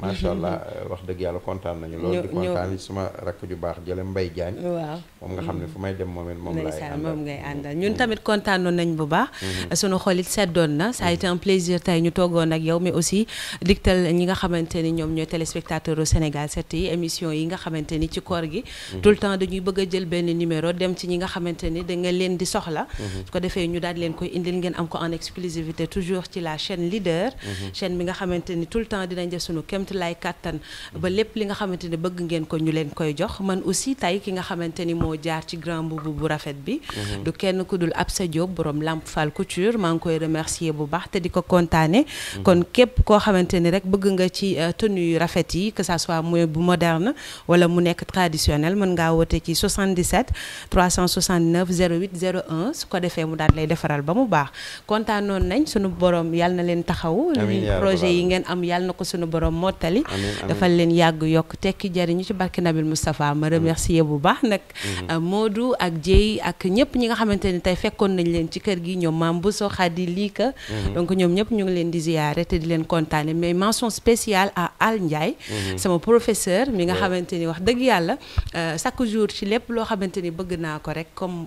macha allah euh, euh, wax dëgg yàlla kontaan nañu loolu di kontaan suma rakk ju baax jële Mbay Jaañ waaw moom nga xam ne fu may dem moom moom laay àndal moom ngay àndal ñun tamit kontaanoon nañ bu baax mm-hmm. sunu xol it seddoon na ça a été plaisir tey ñu toogoon ak yow mais aussi diktal ñi nga xamante ni ñoom ñooy téléspectateur au Sénégal 7 yi yi nga xamante ni ci koor gi mm-hmm. tout le temps dañuy bëgg a jël benn numéro dem ci ñi nga xamante ni da nga leen di soxla daal leen koy indil ngeen am ko en exclusivité toujours ci la chaîne leader mhm. chaîne bi nga xamante ni tout le temps dinañ def suñu kémt lay kàttan ba lépp li nga xamante ni bëgg ngeen ko ñu leen koy jox man aussi tey ki nga xamante ni moo jaar ci grand mbubu bu rafet bi mhm. du kenn ku dul Absa Diop borom Lamp Fall Couture maa ngi koy remercier bu baax te di ko kontaane mhm. kon képp koo xamante ni rek bëgg nga ci euh, tenue yu rafet yi que ça soit mooy bu moderne wala mu nekk traditionnel mën ngaa woote ci 77 369 08 01 su ko defee mu daal lay defaral ba mu baax kontaanoon nañ sunu borom yàlla na leen taxawu projet yi ngeen am yal na ko sunu borom mottali dafal leen yàgg yokk tekki jariñu ci barke Nabil Moustapha ma remercier bu baax nag mm-hmm. euh, Modou ak Dieye ak ñëpp ñi nga xamante ne tey fekkoon nañ leen ci kër gi ñoom ma Bousso Khady Lika mm-hmm. donc ñoom ñëpp ñu ngi leen di ziyaare te di leen kontaane mais mention spéciale à Al Ndiaye mm-hmm. sama professeur mi nga xamante ni wax dëgg yàlla euh, chaque jour ci lépp loo xamante ni bëgg naa ko rek comme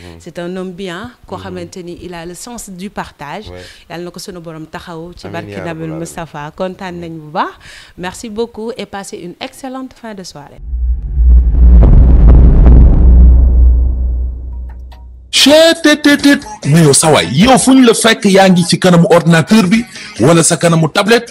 Mhm. c'est un homme bien koo mhm. xamante ni il a le sens du partage yàlla na ko sunu boroom taxaw ci barki Nabil Moustapha kontaan nañ bu baax merci beaucoup et passez une excellente fin de soirée chetttt mais yow sawaay yow fu ñu la fekk yaa ngi ci kanamu ordinateur bi wala sa kanamu tablette